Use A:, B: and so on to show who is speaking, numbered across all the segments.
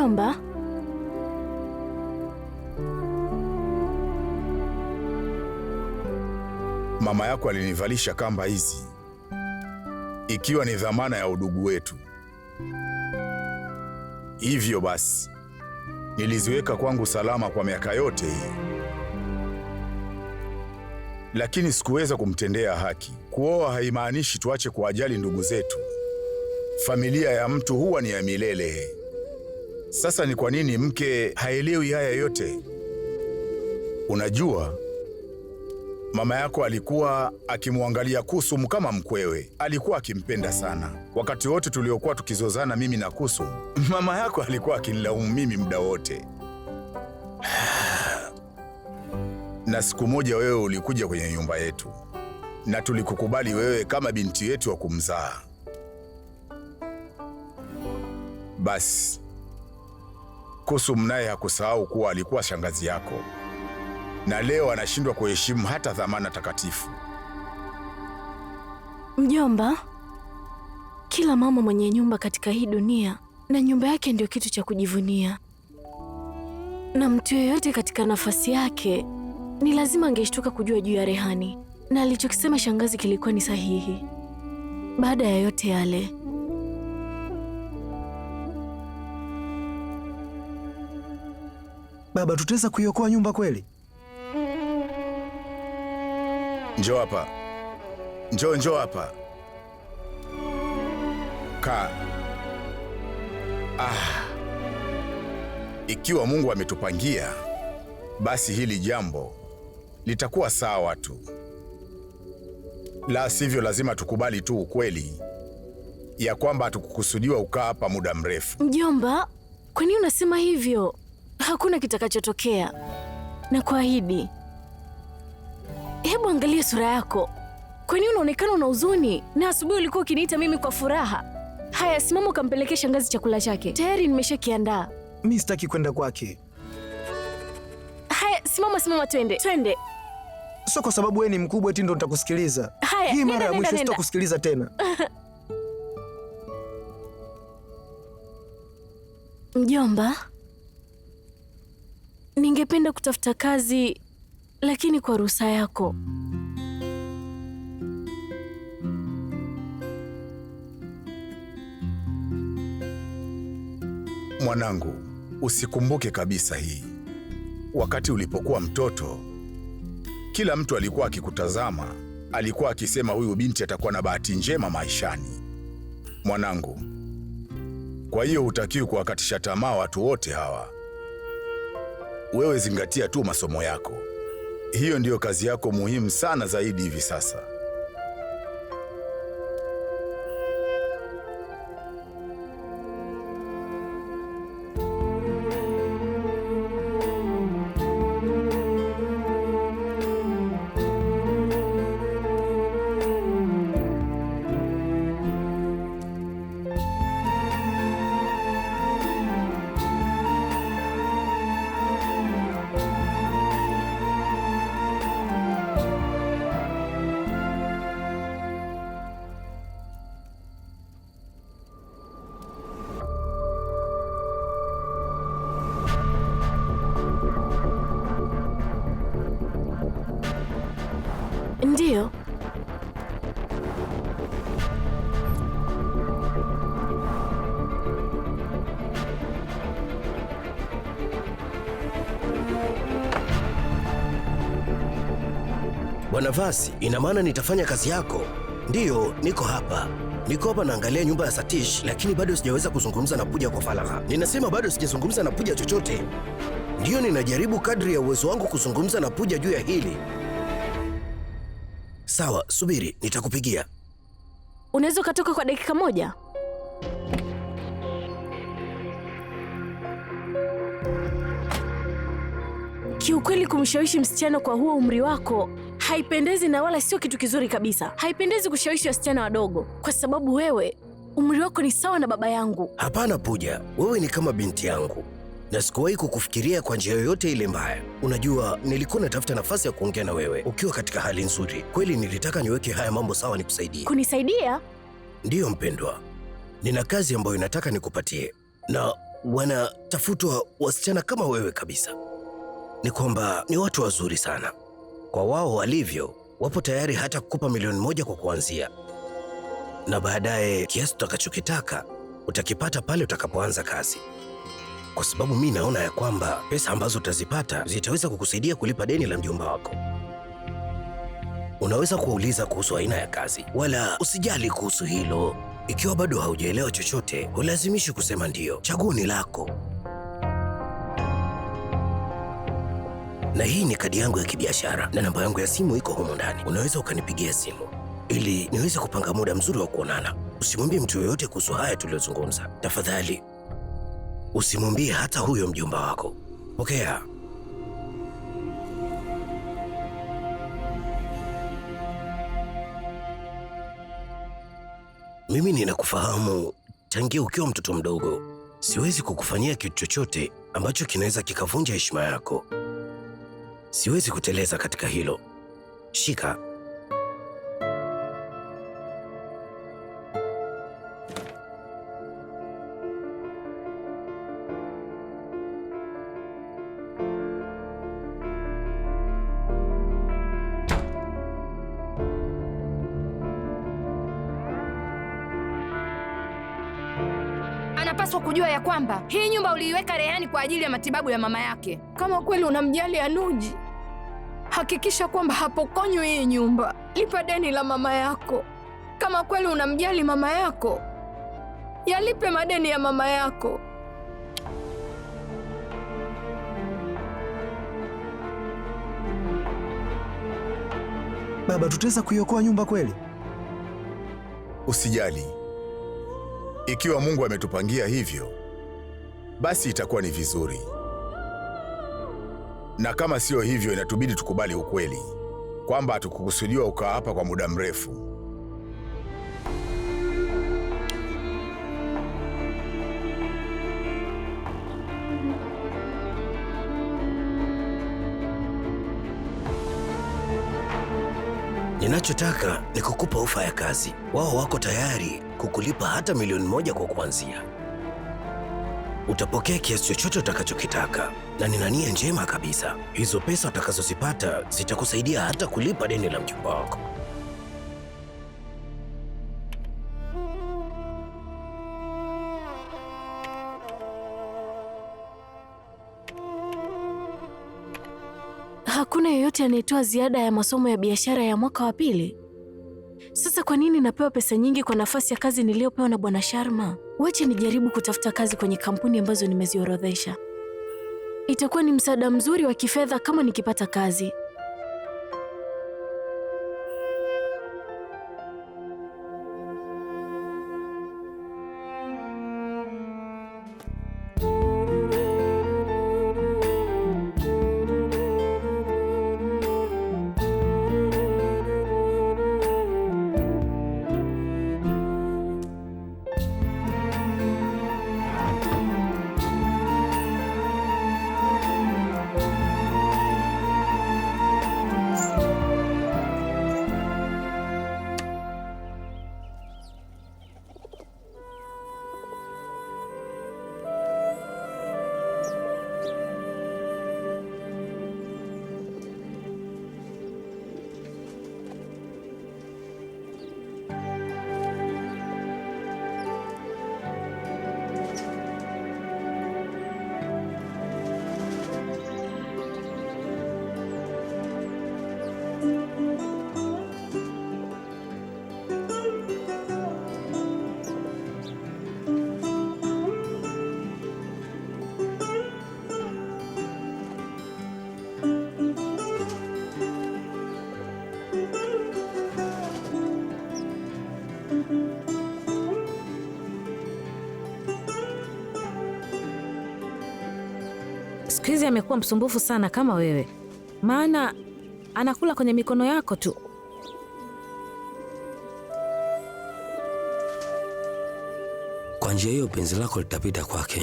A: Mjomba,
B: mama yako alinivalisha kamba hizi ikiwa ni dhamana ya udugu wetu. Hivyo basi niliziweka kwangu salama kwa miaka yote hii, lakini sikuweza kumtendea haki. Kuoa haimaanishi tuache kuajali ndugu zetu. Familia ya mtu huwa ni ya milele. Sasa ni kwa nini mke haelewi haya yote? Unajua, mama yako alikuwa akimwangalia Kusum kama mkwewe, alikuwa akimpenda sana. Wakati wote tuliokuwa tukizozana mimi na Kusum, mama yako alikuwa akinilaumu mimi muda wote na siku moja wewe ulikuja kwenye nyumba yetu na tulikukubali wewe kama binti yetu wa kumzaa. Basi Kusum mnaye hakusahau kuwa alikuwa shangazi yako, na leo anashindwa kuheshimu hata dhamana takatifu.
A: Mjomba, kila mama mwenye nyumba katika hii dunia na nyumba yake ndio kitu cha kujivunia, na mtu yeyote katika nafasi yake ni lazima angeshtuka kujua juu ya Rehani, na alichokisema shangazi kilikuwa ni sahihi. Baada ya yote yale
C: Baba, tutaweza kuiokoa nyumba kweli?
B: Njoo hapa, njoo njoo hapa, kaa. Ah, ikiwa Mungu ametupangia, basi hili jambo litakuwa sawa tu, la sivyo lazima tukubali tu ukweli ya kwamba hatukukusudiwa ukaa hapa muda mrefu.
A: Mjomba, kwa nini unasema hivyo? hakuna kitakachotokea na kuahidi. Hebu angalia sura yako, nini unaonekana una huzuni, na asubuhi ulikuwa ukiniita mimi kwa furaha. Haya, simama ukampelekea shangazi chakula chake, tayari nimeshakiandaa.
C: Mi sitaki kwenda kwake.
A: Haya, simama, simama, twende, twende.
C: Sio kwa sababu wewe ni mkubwa eti ndo nitakusikiliza. Haya, hii mara ya mwisho sitakusikiliza tena.
A: Mjomba. Ningependa kutafuta kazi lakini kwa ruhusa yako.
B: Mwanangu, usikumbuke kabisa hii. Wakati ulipokuwa mtoto, kila mtu alikuwa akikutazama, alikuwa akisema huyu binti atakuwa na bahati njema maishani. Mwanangu, kwa hiyo hutakiwi kuwakatisha tamaa watu wote hawa wewe zingatia tu masomo yako. Hiyo ndiyo kazi yako muhimu sana zaidi hivi sasa.
D: nafasi, ina maana nitafanya kazi yako. Ndiyo, niko hapa niko hapa naangalia nyumba ya Satish, lakini bado sijaweza kuzungumza na Puja kwa faragha. Ninasema bado sijazungumza na Puja chochote. Ndiyo, ninajaribu kadri ya uwezo wangu kuzungumza na Puja juu ya hili. Sawa, subiri, nitakupigia.
A: Unaweza ukatoka kwa dakika moja? Kiukweli, kumshawishi msichana kwa huo umri wako haipendezi na wala sio kitu kizuri kabisa. Haipendezi kushawishi wasichana wadogo, kwa sababu wewe umri wako ni sawa na baba yangu.
D: Hapana puja wewe ni kama binti yangu na sikuwahi kukufikiria kwa njia yoyote ile mbaya. Unajua, nilikuwa natafuta nafasi ya kuongea na wewe ukiwa katika hali nzuri. Kweli nilitaka niweke haya mambo sawa, nikusaidie.
A: Kunisaidia?
D: Ndiyo mpendwa, nina kazi ambayo nataka nikupatie, na wanatafutwa wasichana kama wewe kabisa ni kwamba ni watu wazuri sana. Kwa wao walivyo, wapo tayari hata kukupa milioni moja kwa kuanzia, na baadaye kiasi utakachokitaka utakipata pale utakapoanza kazi, kwa sababu mi naona ya kwamba pesa ambazo utazipata zitaweza kukusaidia kulipa deni la mjomba wako. Unaweza kuuliza kuhusu aina ya kazi, wala usijali kuhusu hilo. Ikiwa bado haujaelewa chochote, hulazimishi kusema ndiyo. Chaguo ni lako. na hii ni kadi yangu ya kibiashara na namba yangu ya simu iko humu ndani. Unaweza ukanipigia simu ili niweze kupanga muda mzuri wa kuonana. Usimwambie mtu yoyote kuhusu haya tuliyozungumza, tafadhali. Usimwambie hata huyo mjomba wako. Pokea. Mimi ninakufahamu tangia ukiwa mtoto mdogo. Siwezi kukufanyia kitu chochote ambacho kinaweza kikavunja heshima yako. Siwezi kuteleza katika hilo. Shika
A: unapaswa kujua ya kwamba hii nyumba uliiweka Rehani kwa ajili ya matibabu ya mama yake. Kama kweli unamjali Anuji, hakikisha kwamba hapokonywi hii nyumba. Lipa deni la mama yako. Kama kweli unamjali mama yako, yalipe madeni ya mama yako.
C: Baba, tutaweza kuiokoa nyumba kweli?
B: Usijali. Ikiwa Mungu ametupangia hivyo, basi itakuwa ni vizuri, na kama siyo hivyo, inatubidi tukubali ukweli kwamba hatukukusudiwa ukaa hapa kwa muda mrefu.
D: Ninachotaka ni kukupa ufa ya kazi. Wao wako tayari kukulipa hata milioni moja kwa kuanzia. Utapokea kiasi chochote utakachokitaka, na nina nia njema kabisa. Hizo pesa utakazozipata zitakusaidia hata kulipa deni la mjomba wako.
A: Hakuna yeyote anayetoa ziada ya masomo ya biashara ya mwaka wa pili? Sasa kwa nini napewa pesa nyingi kwa nafasi ya kazi niliyopewa na bwana Sharma? Wacha nijaribu kutafuta kazi kwenye kampuni ambazo nimeziorodhesha. Itakuwa ni msaada mzuri wa kifedha kama nikipata kazi. Siku hizi amekuwa msumbufu sana kama wewe, maana anakula kwenye mikono yako tu.
D: Kwa njia hiyo penzi lako litapita kwake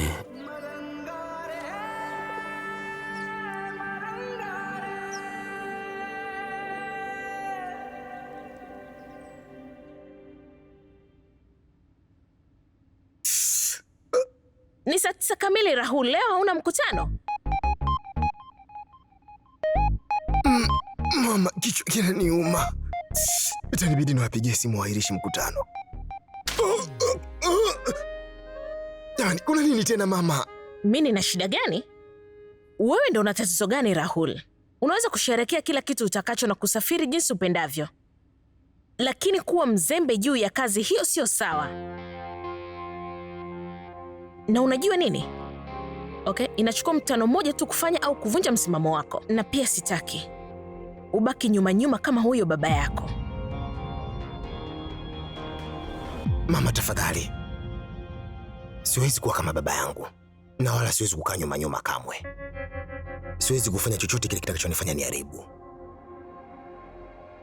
A: kweli Rahul, leo hauna mkutano?
D: M mm, mama, kichwa kinaniuma, itanibidi niwapigie simu wairishi mkutano. Yani, kuna nini tena mama?
A: Mi nina shida gani? Wewe ndo una tatizo gani Rahul? Unaweza kusherekea kila kitu utakacho na kusafiri jinsi upendavyo, lakini kuwa mzembe juu ya kazi hiyo sio sawa. Na unajua nini, okay? Inachukua mtano mmoja tu kufanya au kuvunja msimamo wako, na pia sitaki ubaki nyuma nyuma kama huyo baba yako.
D: Mama tafadhali, siwezi kuwa kama baba yangu na wala siwezi kukaa nyuma nyuma kamwe. Siwezi kufanya chochote kile kitakachonifanya niharibu.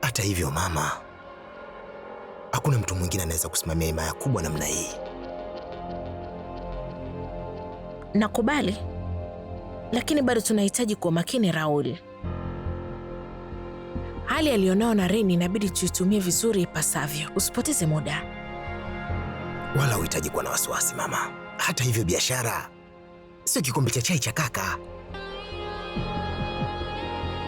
D: Hata hivyo, mama, hakuna mtu mwingine anaweza kusimamia himaya kubwa namna hii.
A: Nakubali, lakini bado tunahitaji kuwa makini Raul. Hali aliyonao Naren inabidi tuitumie vizuri ipasavyo. Usipoteze muda,
D: wala uhitaji kuwa na wasiwasi mama. Hata hivyo, biashara sio kikombe cha chai cha kaka.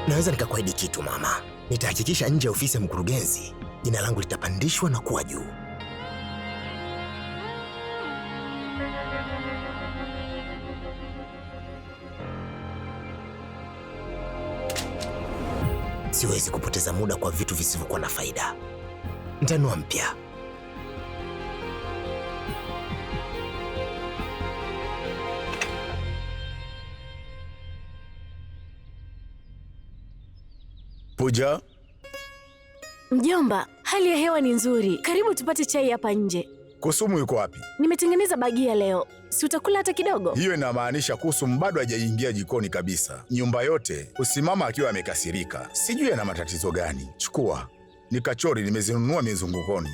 D: Naweza nikakuahidi kitu mama, nitahakikisha nje ya ofisi ya mkurugenzi jina langu litapandishwa na kuwa juu. Siwezi kupoteza muda kwa vitu visivyokuwa na faida. Ntanua mpya.
B: Puja.
A: Mjomba, hali ya hewa ni nzuri. Karibu tupate chai hapa nje.
B: Kusumu yuko wapi?
A: Nimetengeneza bagia leo, si utakula hata kidogo?
B: Hiyo inamaanisha Kusumu bado hajaingia jikoni kabisa. Nyumba yote husimama akiwa amekasirika, sijui ana matatizo gani. Chukua, ni kachori, nimezinunua mizungukoni.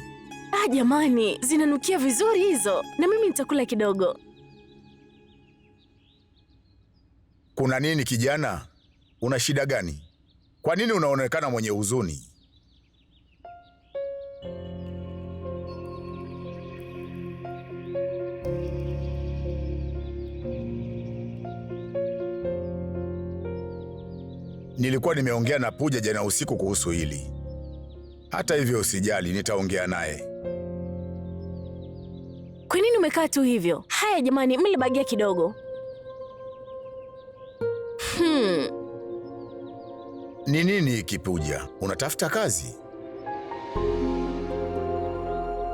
A: Ah, jamani, zinanukia vizuri hizo, na mimi nitakula kidogo.
B: Kuna nini kijana? Una shida gani? Kwa nini unaonekana mwenye huzuni? Nilikuwa nimeongea na puja jana usiku kuhusu hili. Hata hivyo, usijali, nitaongea naye.
A: Kwa nini umekaa tu hivyo? Haya jamani, mle bagia kidogo.
B: Hmm. Ni nini hiki Unatafuta kazi?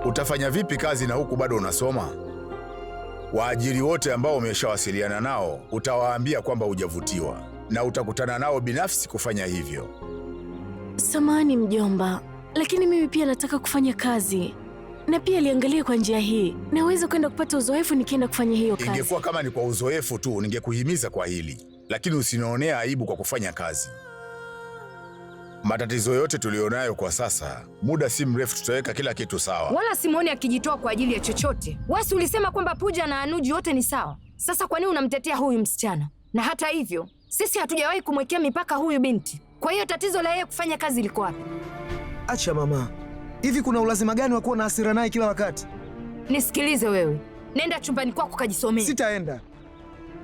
B: Utafanya vipi kazi na huku bado unasoma? Waajiri wote ambao umeshawasiliana nao utawaambia kwamba hujavutiwa na utakutana nao binafsi kufanya hivyo.
A: samani mjomba, lakini mimi pia nataka kufanya kazi na pia liangalie kwa njia hii, naweza kwenda kupata uzoefu nikienda kufanya hiyo
B: kazi. Ingekuwa kama ni kwa uzoefu tu, ningekuhimiza kwa hili, lakini usinaonea aibu kwa kufanya kazi. Matatizo yote tuliyonayo kwa sasa, muda si mrefu tutaweka kila kitu sawa.
A: Wala simwoni akijitoa kwa ajili ya chochote. Wasi ulisema kwamba puja na anuji wote ni sawa. Sasa kwa nini unamtetea huyu msichana? Na hata hivyo sisi hatujawahi kumwekea mipaka huyu binti, kwa hiyo tatizo la yeye kufanya kazi liko wapi?
C: Acha mama, hivi kuna ulazima gani wa kuwa na hasira naye kila wakati?
A: Nisikilize wewe, nenda chumbani kwako kajisomee.
C: Sitaenda.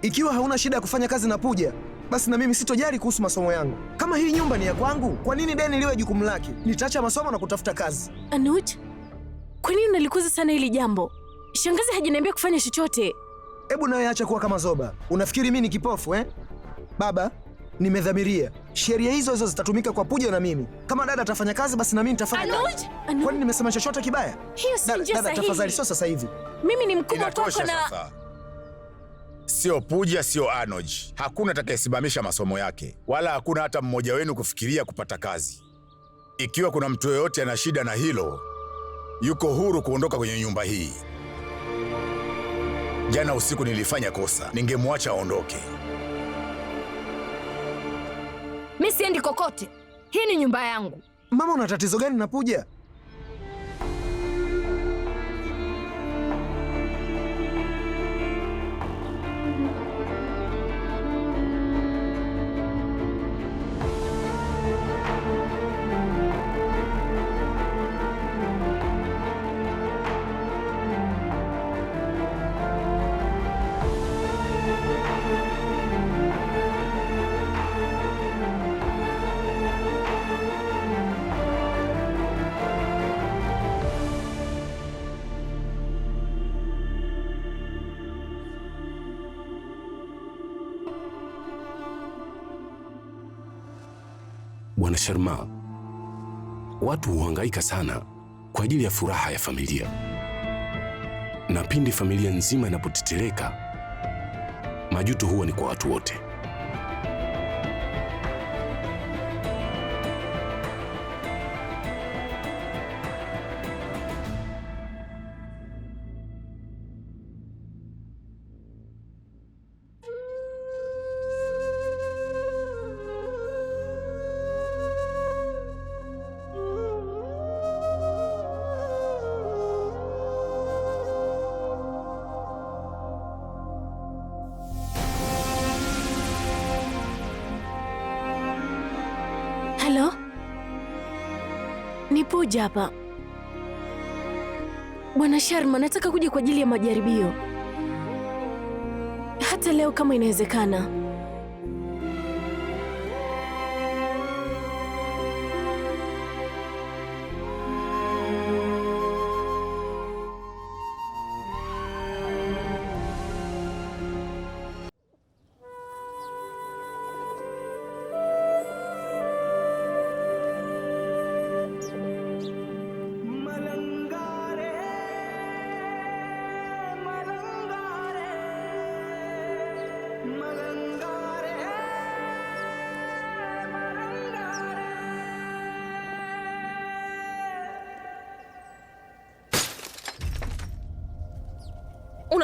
C: Ikiwa hauna shida ya kufanya kazi na Puja, basi na mimi sitojali kuhusu masomo yangu. Kama hii nyumba ni ya kwangu, kwa nini deni liwe jukumu lake? Nitaacha masomo na kutafuta kazi.
A: Anuj, kwa nini unalikuza sana hili jambo? Shangazi hajiniambia kufanya chochote.
C: Hebu nawe acha kuwa kama zoba. Unafikiri mimi ni kipofu eh? Baba, nimedhamiria sheria hizo hizo zitatumika kwa Pooja na mimi. Kama dada atafanya kazi, basi na mimi nitafanya kazi. Kwani nimesema chochote kibaya?
A: Hiyo si njia sahihi. Dada,
C: tafadhali, sio sasa hivi.
A: Mimi ni mkubwa kwako
B: na sio Pooja, sio Anoj. Hakuna atakayesimamisha masomo yake, wala hakuna hata mmoja wenu kufikiria kupata kazi. Ikiwa kuna mtu yeyote ana shida na hilo, yuko huru kuondoka kwenye nyumba hii. Jana usiku nilifanya kosa, ningemwacha aondoke.
A: Mi siendi kokote, hii ni nyumba yangu.
C: Mama, una tatizo gani na Pooja?
B: Bwana Sharma, watu huhangaika sana kwa ajili ya furaha ya familia, na pindi familia nzima inapotetereka, majuto huwa ni kwa watu wote.
A: Naipoja hapa Bwana Sharma, nataka kuja kwa ajili ya majaribio hata leo kama inawezekana.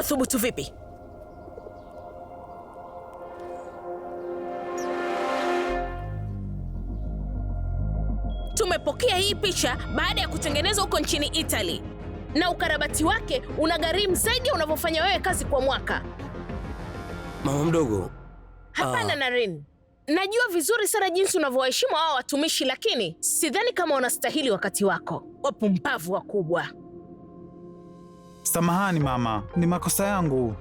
A: unathubutu vipi? Tumepokea hii picha baada ya kutengenezwa huko nchini Italy na ukarabati wake una gharimu zaidi ya unavyofanya wewe kazi kwa mwaka.
C: Mama mdogo,
A: hapana. Uh... narin najua vizuri sana jinsi unavyowaheshimu hao watumishi, lakini sidhani kama wanastahili wakati wako. Wapumbavu wakubwa.
C: Samahani mama, ni makosa yangu,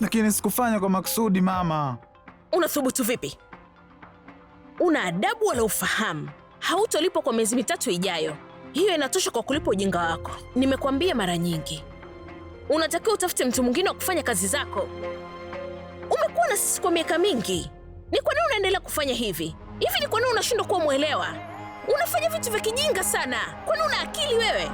C: lakini sikufanya kwa makusudi. Mama,
A: unathubutu vipi? Una adabu wala ufahamu? Hautolipwa kwa miezi mitatu ijayo. Hiyo inatosha kwa kulipa ujinga wako. Nimekwambia mara nyingi, unatakiwa utafute mtu mwingine wa kufanya kazi zako. Umekuwa na sisi kwa miaka mingi, ni kwa nini unaendelea kufanya hivi hivi? Ni kwa nini unashindwa kuwa mwelewa? Unafanya vitu vya kijinga sana. nini una akili wewe?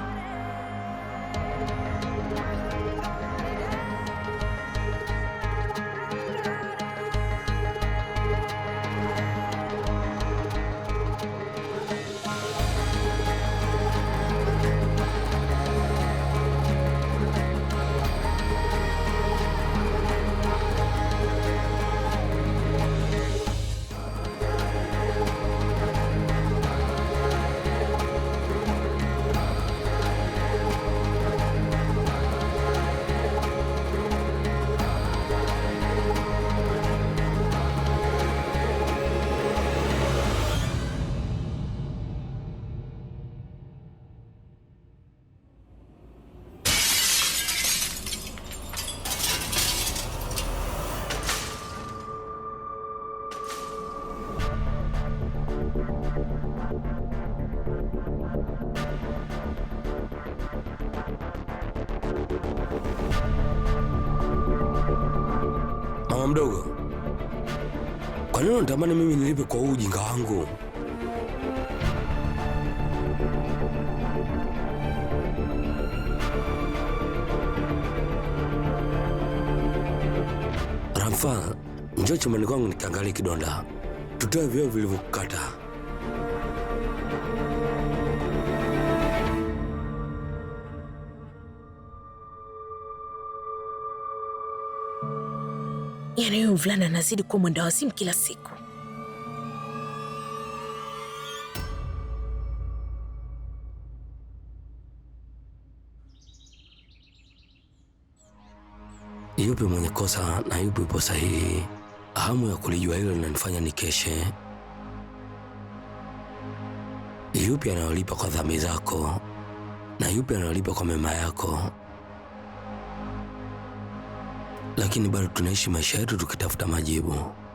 D: unatamani mimi nilipe kwa huu ujinga wangu? Ramfa, njoo chumbani kwangu nikiangalia kidonda, tutoe vyoo vilivyokukata
A: Yaani huyu mvulana anazidi kuwa mwenda wazimu kila siku.
D: yupi mwenye kosa na yupi yupo sahihi. Hamu ya kulijua hilo linanifanya nikeshe. Yupi anayolipa kwa dhambi zako na yupi anayolipa kwa mema yako? Lakini bado tunaishi maisha yetu tukitafuta majibu.